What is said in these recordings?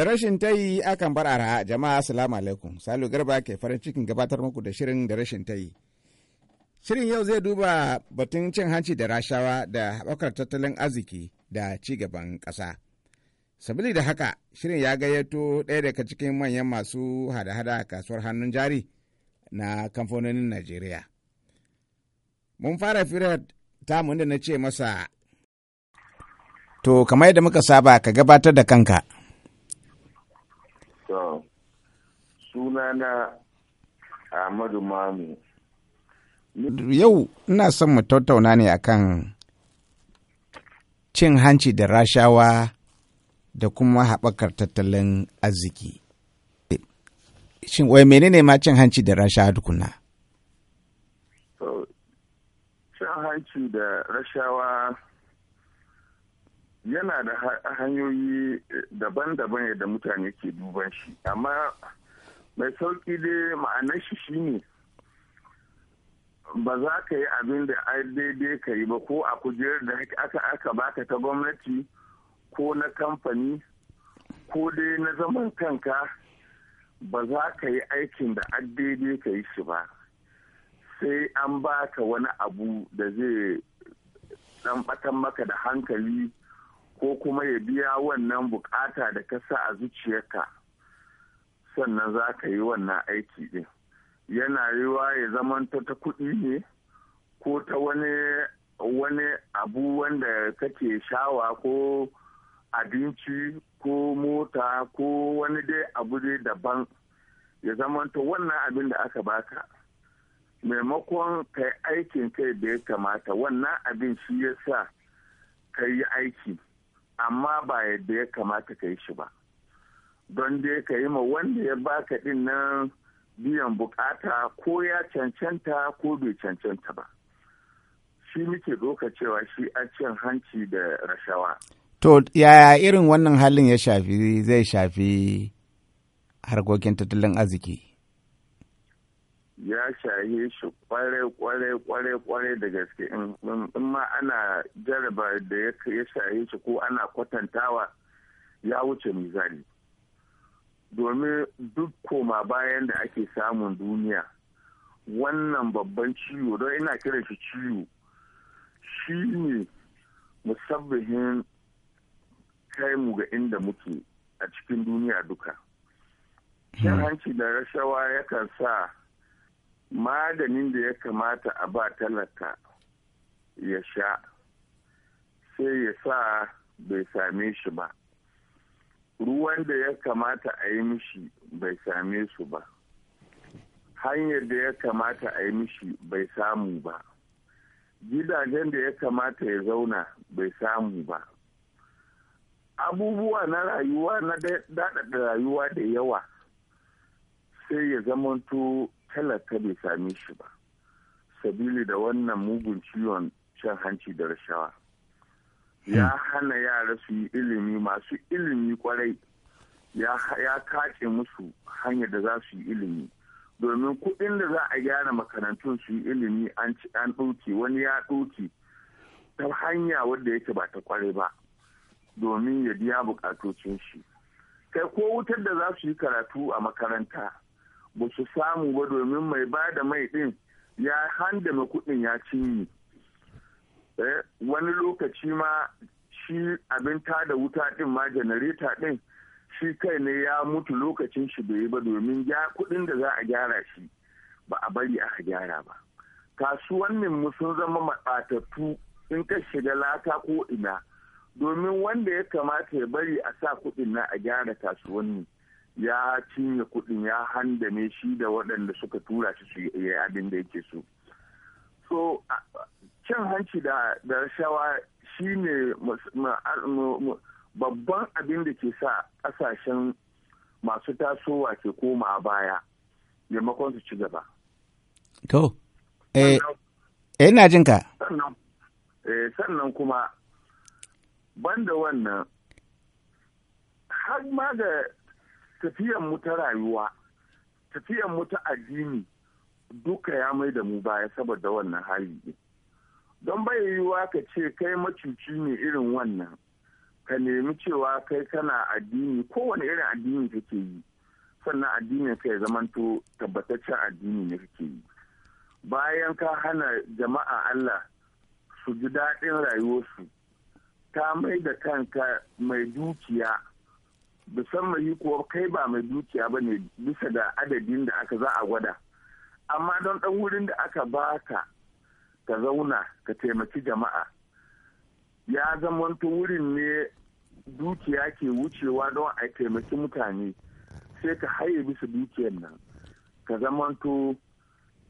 Da rashin ta yi akan bar araha jama'a salamu alaikum. Salu Garba ke farin cikin gabatar muku da shirin da rashin ta yi. Shirin yau zai duba batun cin hanci da rashawa da haɓakar tattalin arziki da ci gaban ƙasa. Sabili da haka shirin ya gayyato ɗaya daga cikin manyan masu hada-hada kasuwar hannun jari na kamfanonin Najeriya. Mun fara firar ta da na ce masa, To, kamar yadda muka saba ka gabatar da kanka. To, sunana Ahmadu Mamu. Yau ina son mu tattauna ne akan cin hanci da rashawa da kuma haɓakar tattalin arziki. Shin wai menene ma cin hanci da rashawa tukuna? Cin hanci da rashawa yana da hanyoyi eh, daban-daban da mutane ke duban shi amma mai sauki dai ma'anar shi shine ba za ka yi abin da daidai ka yi ba ko a kujerar da aka aka baka ta gwamnati ko na kamfani ko dai na zaman kanka ba za ka yi aikin da ai daidai ka yi shi ba sai an baka wani abu da zai dan batan maka da hankali ko kuma ya biya wannan bukata da ka sa a zuciyarka sannan za ka yi wannan aiki din yana yiwa ya zamanta ta kuɗi ne ko ta wani abu wanda kake shawa ko abinci ko mota ko wani dai abu dai daban ya zamanta wannan abin da aka baka maimakon kai aikin kai da ya kamata wannan abin shi ya sa ka yi aiki amma ba yadda ya kamata ka yi shi ba don dai ka yi ma wanda ya baka din nan biyan bukata ko ya cancanta ko bai cancanta ba shi muke doka cewa shi a cin hanci da rashawa to yaya irin wannan halin ya shafi zai shafi harkokin tattalin arziki ya shaye shi kware kware kware kware da gaske in ma ana jaraba da ya shaye shi ko ana kwatantawa ya wuce mizani domin duk koma bayan da ake samun duniya wannan babban ciwo don ina kiran shi ciwo shi ne musabbihin kai mu ga inda muke a cikin duniya duka. yan hmm. hanci da rashawa yakan sa maganin da ya kamata a ba talaka ya sha sai ya sa bai same shi ba ruwan da ya kamata a yi mishi bai same su ba hanyar da ya kamata a yi mishi bai samu ba gidajen da ya kamata ya zauna bai samu ba abubuwa na rayuwa na daɗaɗa rayuwa da yawa sai ya zamanto talaka bai same shi ba sabili da wannan mugun ciwon cin hanci da rashawa hmm. ya hana yara su yi ilimi masu ilimi kwarai ya kace musu hanyar da za su yi ilimi domin kuɗin da za a gyara makarantun su yi ilimi an ɗauki wani ya ɗauki ta hanya wadda yake ba ta kwarai ba domin ya biya bukatocin shi kai ko wutar da za su yi karatu a makaranta ba su samu ba domin mai ba da mai ɗin ya handame kudin ya cinye eh, wani lokaci ma shi abin tada wuta ɗin ma janareta ɗin shi kai ne ya mutu lokacin shi bai yi ba domin kudin da za a gyara shi ba a bari aka gyara ba kasuwannin mu sun zama matsatattu in ka shiga lata ko ina domin wanda ya kamata ya bari a sa kudin na a gyara kasuwanni ya cinye kudin ya handame shi da waɗanda suka tura shi su yi abin da yake so so cin hanci da rashawa shi ne babban abin da ke sa ƙasashen masu tasowa ke koma a baya maimakon su ci gaba to eh, eh jin jinka eh, sannan kuma banda wannan har ma da tafiyan mu ta rayuwa tafiyan mu ta addini duka ya mai da mu baya saboda wannan hali ne don bai yiwuwa ka ce kai macuci ne irin wannan ka nemi cewa kai kana addini kowane irin addini kake yi sannan addinin ka ya zamanto tabbataccen addini ne kake yi bayan ka hana jama'a Allah su ji daɗin rayuwarsu ta mai da kanka mai dukiya musamman kuwa kai ba mai dukiya ba ne bisa da adadin da aka za a gwada amma don ɗan wurin da aka ba ka ka zauna ka taimaki jama'a ya zamanto wurin ne dukiya ke wucewa don a taimaki mutane sai ka haye bisa dukiyar nan ka zama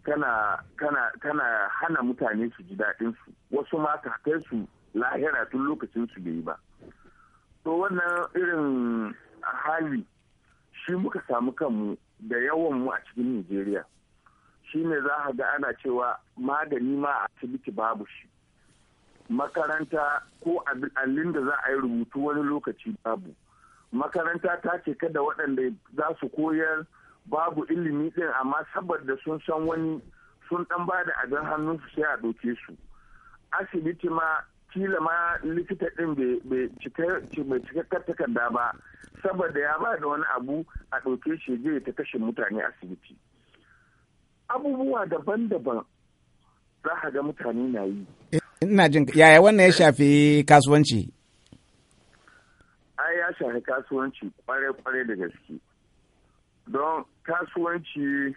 kana, kana, hana mutane su ji daɗinsu wasu ma ka kai su lahira tun lokacin su bai ba to wannan irin hali shi muka samu kanmu da yawan mu a cikin nigeria Shi ne za a ga ana cewa magani ma a asibiti babu shi. Makaranta ko allin da za a yi rubutu wani lokaci babu. Makaranta ta ce kada waɗanda za su koyar babu ilimi ɗin amma saboda sun san wani sun ɗan ba da abin hannunsu sai a ɗauke su. Asibiti ma kila ma likita ɗin bai cikakkar takarda ba saboda ya ba da wani abu a ɗauke shi zai ta kashe mutane asibiti abubuwa daban-daban za ka ga mutane na yi ina jin yaya wannan ya shafi kasuwanci ai ya shafi kasuwanci kwarai-kwarai da gaske don kasuwanci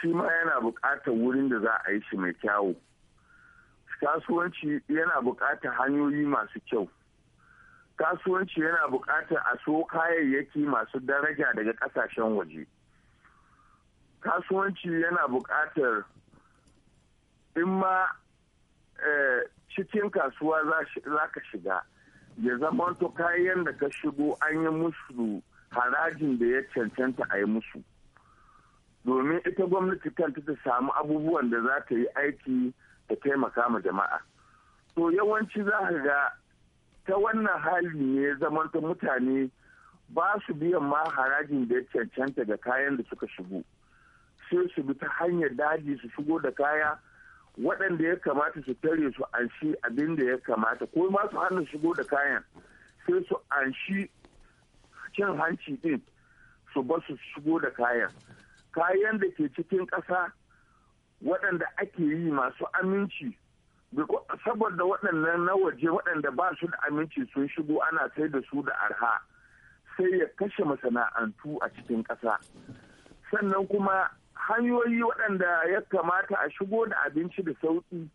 shi ma yana buƙatar wurin da za a yi shi mai kyawu kasuwanci yana bukatar hanyoyi masu kyau kasuwanci yana buƙatar a so kayayyaki masu daraja daga kasashen waje kasuwanci yana bukatar in ma eh, cikin kasuwa za ka shiga ya zamanta kayan da ka shigo an yi musu harajin da ya cancanta a yi musu domin ita gwamnati kanta ta samu abubuwan da za ta yi aiki da taimaka ma jama'a to yawanci za ka ga ta wannan hali ne ta mutane ba su biyan ma harajin da ya cancanta ga kayan da suka shigo sai su bi ta hanyar daji su shigo da kaya waɗanda ya kamata su tare su anshi abin da ya kamata ko ma su hana shigo da kayan sai su anshi cin hanci ɗin su ba su shigo da kayan kayan da ke cikin ƙasa waɗanda ake yi masu aminci saboda waɗannan na waje waɗanda ba su da aminci sun shigo ana sai da su da arha sai ya kashe masana'antu a cikin ƙasa sannan kuma hanyoyi waɗanda ya kamata a shigo da abinci da sauƙi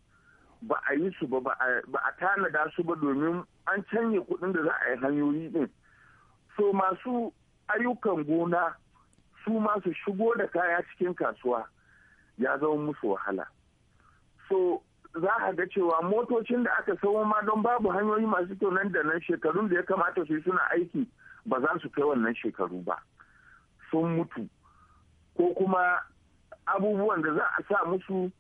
ba a yi su ba a tanada su ba domin an canye kuɗin da za a yi hanyoyi ɗin so masu ayyukan gona su masu shigo da kaya cikin kasuwa ya zama musu wahala so za a ga cewa motocin da aka sayo ma don babu hanyoyi masu kyau nan da nan shekarun da ya kamata su yi suna aiki ba za su kai wannan shekaru ba sun mutu ko kuma abubuwan da za a sa musu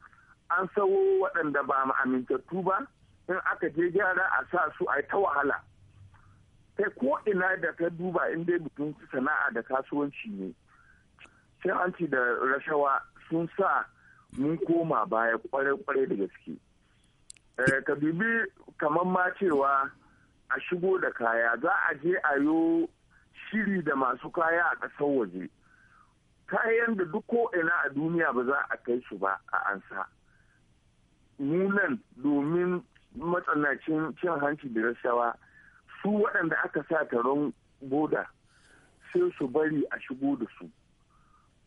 an sawo waɗanda ba amintattu ba in aka je gyara a sa su a ta wahala kai ko ina da ka duba in dai mutum sana'a da kasuwanci ne sai an ci da rashawa sun sa mun koma baya kwarai-kwarai da gaske. Eh, ka bibi kamar ma cewa a shigo da kaya za a je a yo shiri da masu kaya a ƙasar waje. Kayan da duk ko ina a duniya ba za a kai su ba a ansa. Nunan domin matsanacin cin hanci da rashawa su waɗanda aka sa taron boda sai su bari a shigo da su.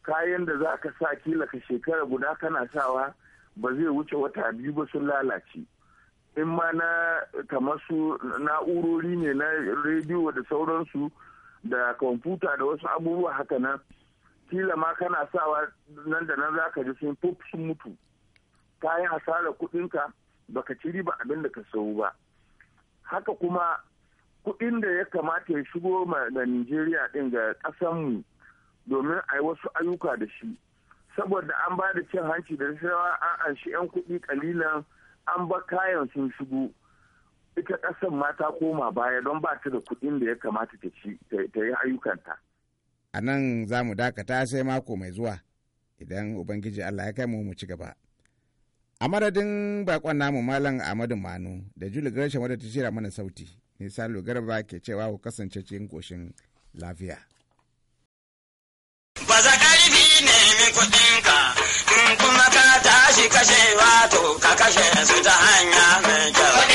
kayan da za ka sa kila ka shekara guda kana sawa ba zai wuce wata biyu ba sun lalace in ma na kamar su na'urori ne na rediyo da sauransu da kwamfuta da wasu abubuwa haka nan kila ma kana sawa nan da nan za ka ji sun fuf sun mutu kayan hasarar kuɗinka baka ci riba abin da ka sau ba haka kuma kuɗin da ya kamata ya shigo da nigeria din ga mu domin a yi wasu ayyuka da shi saboda an ba da cin hanci da rashawa an anshi 'yan kuɗi kalilan an ba kayan sun shigo ita ƙasar mata koma baya don ba ta da kuɗin da ya kamata ta ci ta yi ayyukanta. A nan za mu dakata sai mako mai zuwa idan Ubangiji Allah ya kai mu mu ci gaba. A madadin bakon namu Malam Ahmadu Manu da Juli Gresham wadda ta shirya mana sauti, Nisa Garba ke cewa ku kasance cikin koshin lafiya. kuɗinka in kuma ka tashi kashewa to ka kashe su ta hanya mai kyau.